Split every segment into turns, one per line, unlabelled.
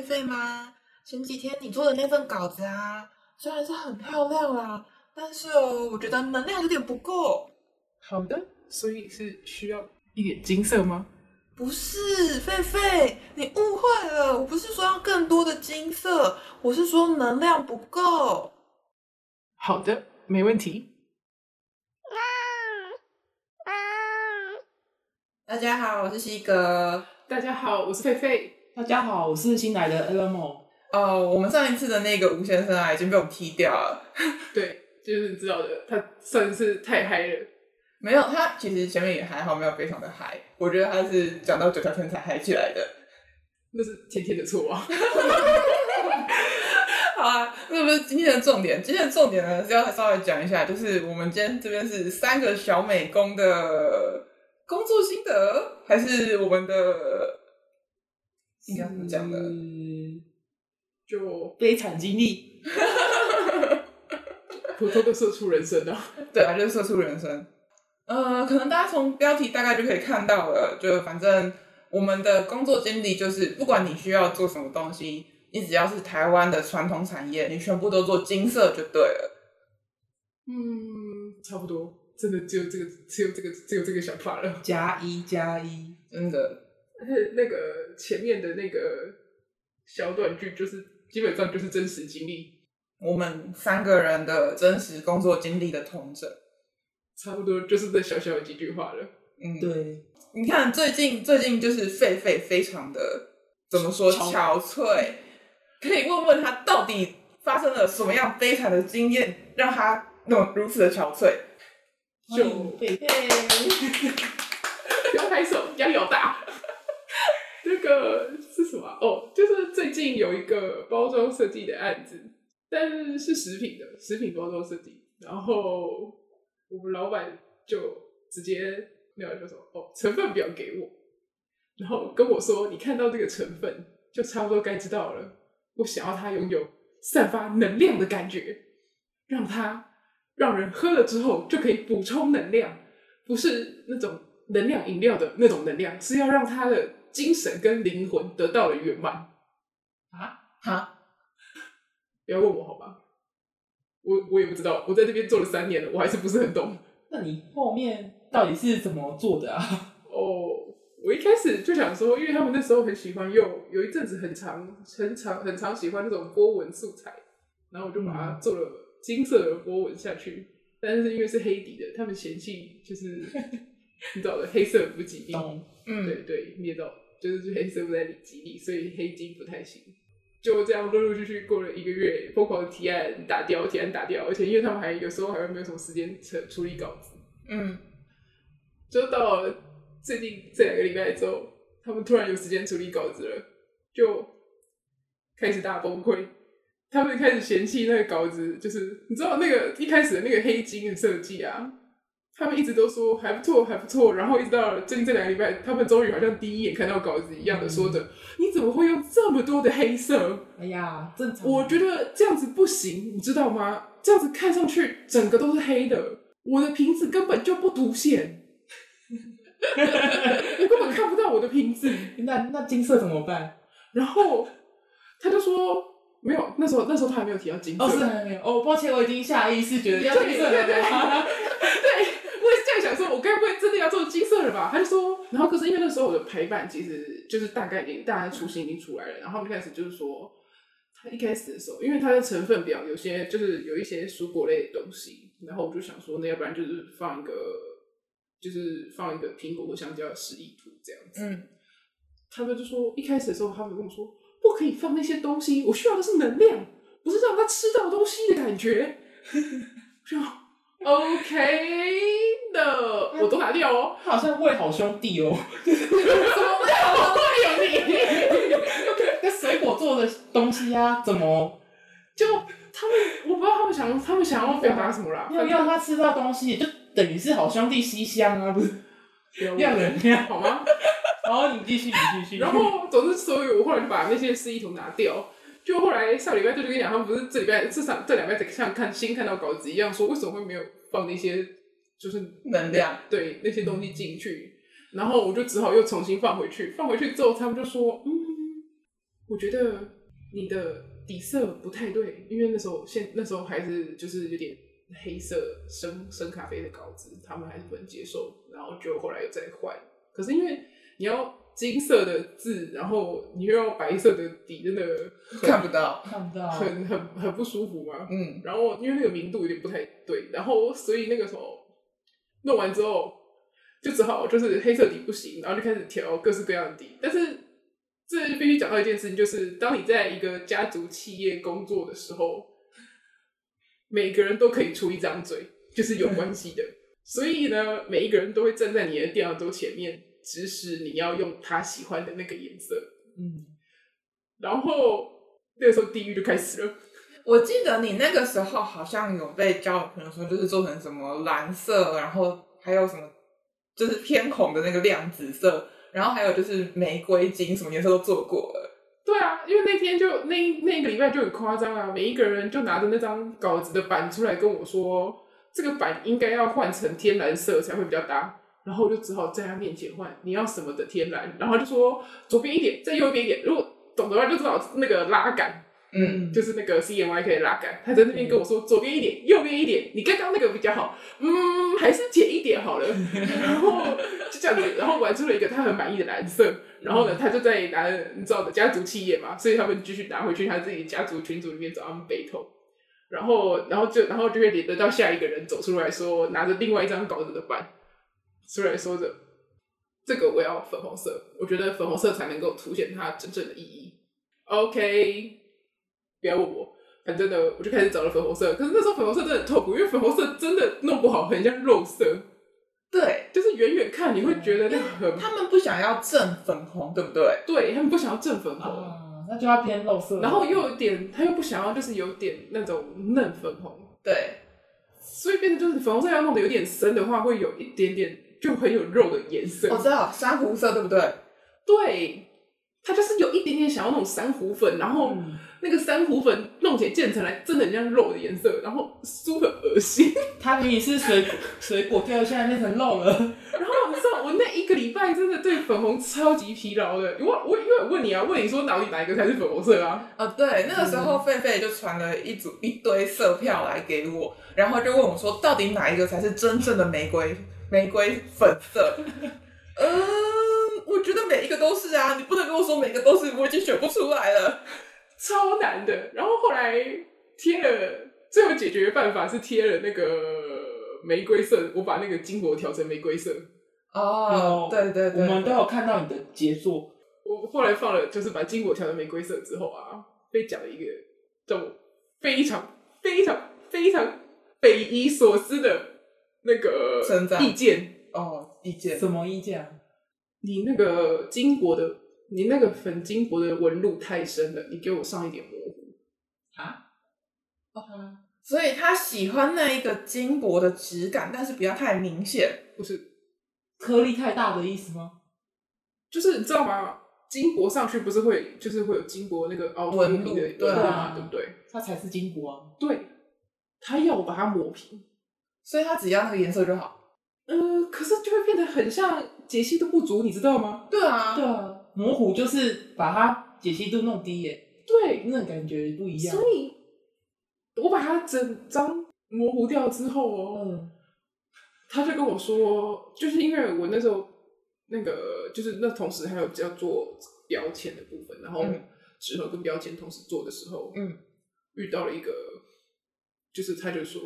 費費嗎？前幾天你做的那份稿子啊，雖然是很漂亮啊，但是哦，我覺得能量有點不夠。好的，所以是需要一點金色嗎？不是，費費，你誤會了。我不是說要更多的金色，我是說能量不夠。好的，沒問題。大家好，我是西哥。大家好，我是費費。大家好，我是新來的 Elmo 哦，我們上一次的那個吳先生啊，已經被我們踢掉了。 對，就是知道的，他算是太嗨了。沒有，他其實前面也還好，沒有非常的嗨。我覺得他是講到九條天才嗨起來的，那是天天的錯啊。 好啊，那不是今天的重點。今天的重點呢，是要稍微講一下，就是我們今天這邊是三個小美工的工作心得，還是我們的。應該怎麼講呢？就悲慘經歷 普通的社畜人生啊，對啊，就是社畜人生。呃，可能大家從標題大概就可以看到了，就反正我們的工作經歷就是，不管你需要做什麼東西，你只要是台灣的傳統產業，你全部都做金色就對了。嗯，差不多，真的只有這個，只有這個，只有這個想法了。加一加一，真的。是那個前面的那個小短劇，就是基本上就是真實經歷，我們三個人的真實工作經歷的統整，差不多就是這小小幾句話了。嗯，對，你看最近最近就是狒狒非常的怎麼說，憔悴，憔悴，可以問問他到底發生了什麼樣悲慘的經驗，讓他弄得如此的憔悴。就迎狒 要拍手，要有大。呃，是什麼啊？哦，就是最近有一個包裝設計的案子，但是是食品的食品包裝設計。然後我們老闆就直接那個說哦，成分表給我，然後跟我說：“你看到這個成分，就差不多該知道了。”我想要它擁有散發能量的感覺，讓它讓人喝了之後就可以補充能量，不是那種能量飲料的那種能量，是要讓它的。精神跟靈魂得到了圓滿啊啊！不要問我好吧，我我也不知道，我在這邊做了三年了，我還是不是很懂。那你後面到底是怎麼做的啊？哦、oh，我一開始就想說，因為他們那時候很喜歡用，有，有一陣子很常很常很常喜歡那種波紋素材，然後我就把它做了金色的波紋下去。嗯，但是因為是黑底的，他們嫌棄就是 你知道的，黑色不吉利，嗯，對對，滅掉。就是黑色不太吉利，所以黑金不太行。就這樣陸陸續續過了一個月，瘋狂提案打掉，提案打掉，而且因為他們還有時候還沒有什麼時間處理稿子，嗯，就到了最近這兩個禮拜之後，他們突然有時間處理稿子了，就開始大崩潰。他們開始嫌棄那個稿子，就是你知道那個一開始的那個黑金的設計啊。他們一直都說還不錯，還不錯，然後一直到最近這兩個禮拜，他們終於好像第一眼看到稿子一樣的說着、嗯：“你怎麼會用這麼多的黑色？”哎呀，正常。我覺得這樣子不行，你知道嗎？這樣子看上去整個都是黑的，我的瓶子根本就不凸顯， 你根本看不到我的瓶子。那那金色怎麼辦？然後他就說：“沒有，那時候那時候他還沒有提到金色哦，是還沒有哦，抱歉，我已經下意識覺得要金色了。”要、啊、做金色的吧，他就說。然後可是因為那時候我的陪伴其實就是大概已經大概雛形已經出來了，然後一開始就是說，他一開始的時候，因為它的成分表有些就是有一些蔬果類的東西，然後我就想說，那要不然就是放一個就是放一個蘋果或香蕉示意圖這樣子。嗯。他們就說一開始的時候，他們跟我說不可以放那些東西，我需要的是能量，不是讓他吃到東西的感覺。這 樣 ，OK。 的我都拿掉哦，他好像餵好兄弟哦，怎 什麼餵 好兄弟。 okay, 那水果做的東西啊，怎麼就他們？我不知道他們想他們想要表達什麼啦。要讓他吃到東西，就等於是好兄弟吸香啊，不是？要人家好嗎？ 然後你繼續，你繼續。 然後，總之，所以我後來就把那些示意圖拿掉。就後來上禮拜就跟你講，他們不是這禮拜，至少這兩禮拜像看新看到稿子一樣，說為什麼會沒有放那些。就是能量對那些東西進去，嗯，然後我就只好又重新放回去。放回去之後，他們就說：“嗯，我覺得你的底色不太對，因為那時候現那時候還是就是有點黑色深深咖啡的稿子，他們還是不能接受。然後就後來又再換，可是因為你要金色的字，然後你又要白色的底，真的看不到，看不到，很很很不舒服嘛，啊。嗯，然後因為那個明度有點不太對，然後所以那個時候。弄完之後，就只好就是黑色底不行，然後就開始調各式各樣的底。但是這必須講到一件事情，就是當你在一個家族企業工作的時候，每個人都可以出一張嘴，就是有關係的。 所以呢，每一個人都會站在你的電腦桌前面，指使你要用他喜歡的那個顏色。嗯，然後那個時候地獄就開始了。我記得你那個時候好像有被教朋友說，就是做成什麼藍色，然後還有什麼就是偏紅的那個亮紫色，然後還有就是玫瑰金，什麼顏色都做過了。對啊，因為那天就那那一個禮拜就很誇張啊，每一個人就拿着那張稿子的板出來跟我說，這個板應該要換成天藍色才會比較搭，然後我就只好在他面前換，你要什麼的天藍，然後就說，左邊一點，再右邊一點，如果懂的話就知道那個拉桿。嗯，就是那個 CMYK 的拉桿，他在那邊跟我說、嗯、左邊一點，右邊一點，你剛剛那個比較好，嗯，還是淺一點好了。 然後就這樣子，然後玩出了一個他很滿意的藍色。然後呢，他就在拿，你知道的家族企業嘛，所以他們繼續拿回去，他自己家族群組裡面找他們背投。然後，然後就，然後就會連累到下一個人走出來說拿着另外一張稿子的板，出來說著，這個我要粉紅色，我覺得粉紅色才能夠凸顯它真正的意義。OK。不要問我，反正呢，我就開始找了粉紅色。可是那時候粉紅色真的很痛苦，因為粉紅色真的弄不好，很像肉色。對，就是遠遠看你會覺得那很。嗯、他們不想要正粉紅，對不對？對，他們不想要正粉紅，啊、那就要偏肉色。然後又有點，他又不想要，就是有點那種嫩粉紅。對，所以變得就是粉紅色要弄得有點深的話，會有一點點就很有肉的顏色。我、哦、知道珊瑚色，對不對？對，他就是有一點點想要那種珊瑚粉，然後。嗯。那個珊瑚粉弄起漸層來，真的很像肉的顏色，然後酥得很。噁心。它比你是水果 水果掉下來變成肉了。 然後你知道，我那一個禮拜真的對粉紅超級疲勞的。我我因為我問你啊，問你說到底哪一個才是粉紅色啊？啊，對，那個時候狒狒、嗯、就傳了一組一堆色票來給我，然後就問我說，到底哪一個才是真正的玫瑰 玫瑰粉色？ 嗯，我覺得每一個都是啊，你不能跟我說每一個都是，我已經選不出來了。超難的，然後後來貼了，最後解決的辦法是貼了那個玫瑰色，我把那個金箔調成玫瑰色。哦，嗯、對對對，我們都有看到你的傑作。我後來放了，就是把金箔調成玫瑰色之後啊，被講了一個叫我非常非常非常匪夷所思的那個意見哦，意見什麼意見啊？你那個金箔的。 你那個粉金箔的紋路太深了，你給我上一點模糊哈，OK，所以他喜歡那一個金箔的質感，但是不要太明顯， texture, 不是顆粒太大的意思嗎？就是你知道嗎？金箔上去不是會就是會有金箔那個紋路對啊對不對？它才是金箔啊！對，他要我把它磨平，所以他只要那個顏色就好。呃、嗯，可是就會變得很像解析度不足，你知道嗎？對啊，對啊。模糊就是把它解析度弄低耶，對，那感覺不一樣。所以，我把它整張模糊掉之後哦、嗯，他就跟我說，就是因為我那時候那個就是那同時還有要做標籤的部分，然後紙盒跟標籤同時做的時候，嗯，遇到了一個，就是他就說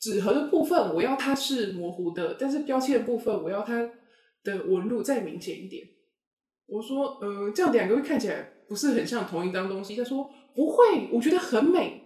紙盒的部分我要它是模糊的，但是標籤的部分我要它的紋路再明顯一點。我說，呃，這樣兩個會看起來不是很像同一張東西。他說不會，我覺得很美。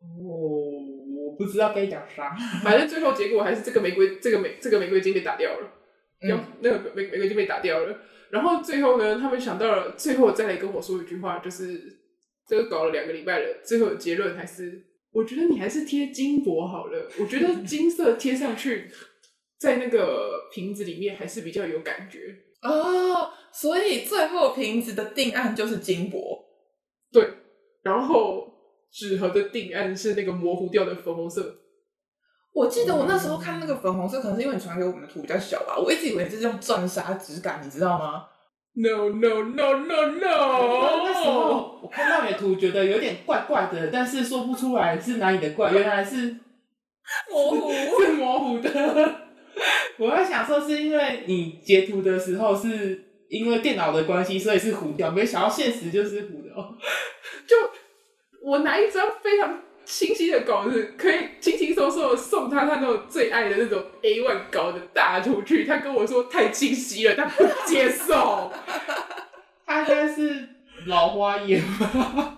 哦，我不知道該講啥，反正最後結果還是這個玫瑰，這個玫這個玫瑰金就被打掉了，嗯、那個玫玫瑰就被打掉了。然後最後呢，他們想到了最後再來跟我說一句話，就是這個搞了兩個禮拜了，最後結論還是我覺得你還是貼金箔好了。我覺得金色貼上去， 在那個瓶子裡面還是比較有感覺。哦，oh，所以最後瓶子的定案就是金箔，對，然後紙盒的定案是那個模糊掉的粉紅色。
我記得我那時候
看那個粉紅色，可能是因為你傳給我們的圖比較小吧。我一直以為是用鑽砂質感，你知道嗎？No, no, no, no, no, no. 那時候我看到那圖，覺得有點怪怪的，但是說不出來是哪裡的怪，原來是模糊，是，是模糊的。我在想，說是因為你截圖的時候，是因為電腦的關係，所以是糊掉。沒想到現實就是糊的，就我拿一張非常清晰的稿子，可以輕輕鬆鬆送他，他那種最愛的那種 A 1稿的大出去，他跟我說太清晰了，他不接受， 他應該是老花眼。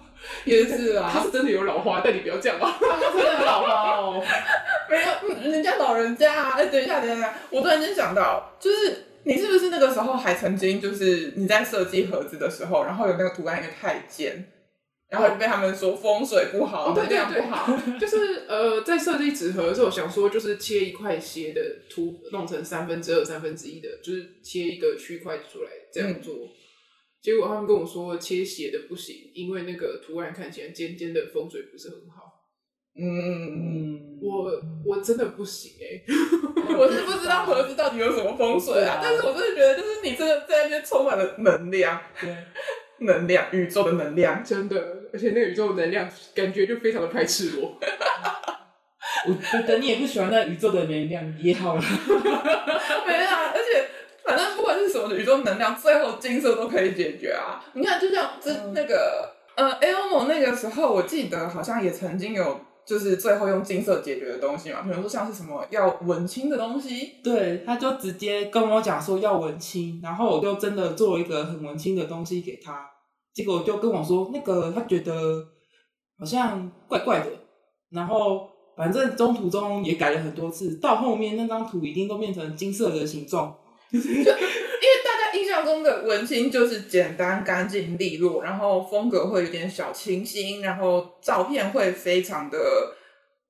也是啊，他是真的有老花， 但你不要這樣啊！他是真的有老花哦，沒有，人家老人家、啊。哎，等一下，等一下，我突然間想到，就是你是不是那個時候還曾經就是你在設計盒子的時候，然後有那個圖案一個太尖，然後被他們說風水不好，哦、這樣不好。哦、對對對 就是呃，在設計紙盒的時候，想說就是切一塊斜的圖、呃，弄成三分之二、三分之一的，就是切一個區塊出來這樣做。嗯結果他們跟我說切斜的不行，因為那個圖案看起來尖尖的，風水不是很好。嗯嗯嗯，我我真的不行哎、欸， 我是不知道盒子到底有什麼風水啊。 但是我真的覺得，就是你真的在那邊充滿了能量，對，能量，宇宙的能量，真的，而且那個宇宙的能量感覺就非常的排斥我。 我覺得你也不喜歡那宇宙的能量，也好了。 反正不管是什麼宇宙能量，最後金色都可以解決啊！你看，就像這、嗯、那個呃，Elmo 那個時候，我記得好像也曾經有，就是最後用金色解決的東西嘛。比如說像是什麼要文青的東西，對，他就直接跟我講說要文青，然後我就真的做了一個很文青的東西給他，結果就跟我說那個他覺得好像怪怪的，然後反正中途中也改了很多次，到後面那張圖一定都變成金色的形狀。 就因為大家印象中的文青就是簡單、乾淨利落，然後風格會有點小清新，然後照片會非常的，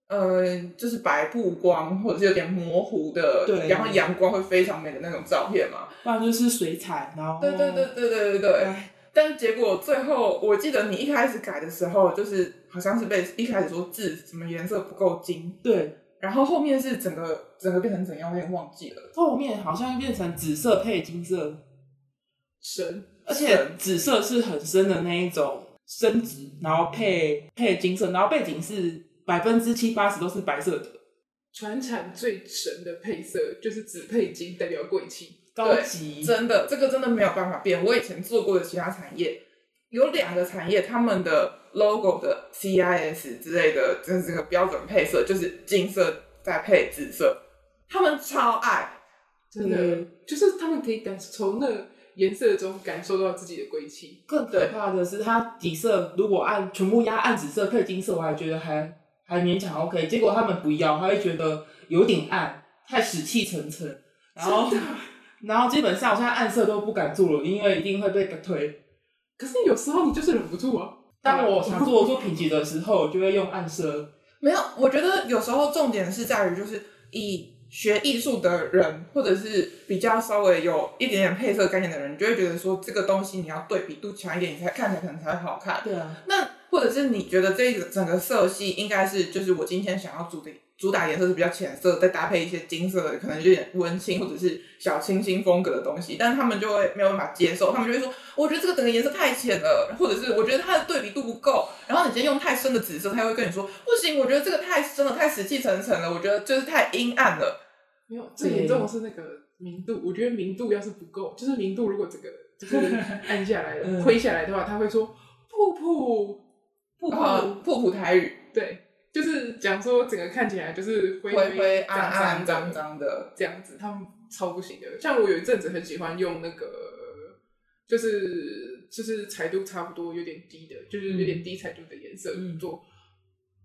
嗯、呃，就是白布光或者是有點模糊的，對，然後陽光會非常美的那種照片嘛，那就是水彩，然後對對對對對對對，Okay. 但結果最後我記得你一開始改的時候，就是好像是被一開始說字什麼顏色不夠金，對。然後後面是整個整個變成怎樣？我也忘記了。後面好像變成紫色配金色神，而且紫色是很深的那一種深紫，然後配、嗯、配金色，然後背景是百分之七八十都是白色的。傳產最神的配色就是紫配金，代表貴氣、高級。真的，這個真的沒有辦法變。我以前做過的其他產業有兩個產業，他們的。logo 的 CIS 之類的，就是這個標準配色，就是金色再配紫色，他們超愛，真的，嗯、就是他們可以感受從那顏色中感受到自己的貴氣。更可怕的是，它底色如果暗，全部壓暗紫色配金色，我還覺得還還勉強 OK。結果他們不要，他會覺得有點暗，太死氣沉沉。然後，然後基本上我現在暗色都不敢做了，因為一定會被推。可是有時候你就是忍不住啊。當我想做作品集的時候， 我就會用暗色。沒有，我覺得有時候重點是在於，就是以學藝術的人，或者是比較稍微有一點點配色概念的人，就會覺得說這個東西你要對比度強一點，你才看起來可能才會好看。對啊。那或者是你覺得這一整個色系應該是，就是我今天想要做的。主打顏色是比較淺色，再搭配一些金色的，可能有點溫馨或者是小清新風格的東西。但是他們就會沒有辦法接受，他們就會說：“我覺得這個整個顏色太淺了，或者是我覺得它的對比度不夠。”然後你直接用太深的紫色，他會跟你說：“不行，我覺得這個太深了，太死氣沉沉了，我覺得就是太陰暗了。”沒有，最嚴重的是那個明度，我覺得明度要是不夠，就是明度如果個這個這個按下來了、灰、 嗯、下來的話，他會說：“噗噗噗噗。瀑瀑”瀑瀑台語、嗯、對。就是講說，整個看起來就是灰灰，灰暗暗、髒髒的這樣子，他們超不行的。像我有一陣子很喜歡用那個，就是就是彩度差不多、有點低的，就是有點低彩度的顏色去做、嗯，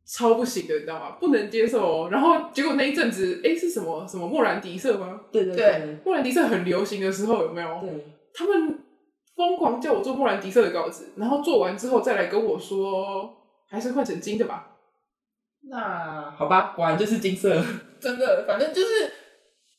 超不行的，你知道嗎？不能接受、喔。然後結果那一陣子，誒、欸，是什麼什麼莫蘭迪色嗎？對對對，對莫蘭迪色很流行的時候，有沒有？他們瘋狂叫我做莫蘭迪色的稿子，然後做完之後再來跟我說，還是換成金的吧。那好吧，果然就是金色。真的，反正就是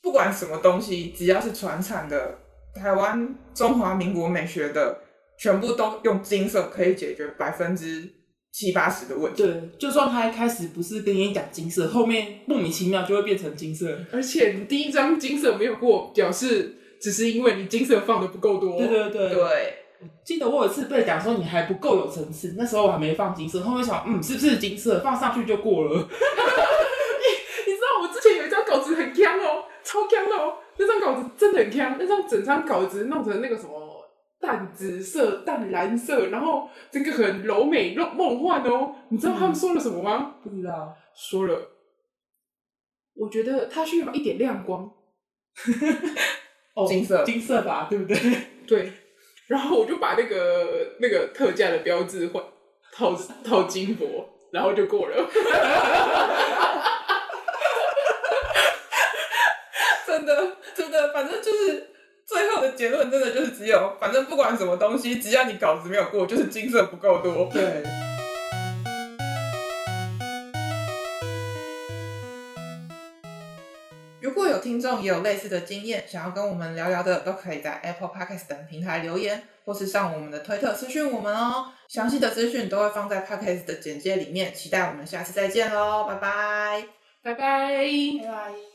不管什麼東西，只要是傳產的、台灣中華民國美學的，全部都用金色可以解決百分之七八十的問題。對，就算他一開始不是跟你講金色，後面莫名其妙就會變成金色。而且你第一張金色沒有過，表示只是因為你金色放的不夠多。對對對對。記得我有一次被講說你還不夠有層次，那時候我還沒放金色。後面想，嗯，是不是金色放上去就過了 你，你知道我之前有一張稿子很僵哦、喔，超僵哦、喔。那張稿子真的很僵，那張整張稿子弄成那個什麼淡紫色、淡藍色，然後整個很柔美、夢夢幻哦、喔。你知道他們說了什麼嗎？不知道。說了。我覺得它需要一點亮光。 哦、金色，金色吧，對不對？ 對。然後我就把那個那個特價的標誌換套套金箔，然後就過了。 真的真的，反正就是最後的結論，真的就是只有，反正不管什麼東西，只要你稿子沒有過，就是金色不夠多。對。聽眾也有類似的經驗，想要跟我們聊聊的，都可以在 Apple Podcast 等平台留言，或是上我們的推特私訊我們哦。詳細的資訊都會放在 Podcast 的簡介裡面。期待我們下次再見嘍，拜拜，拜拜，拜拜。拜拜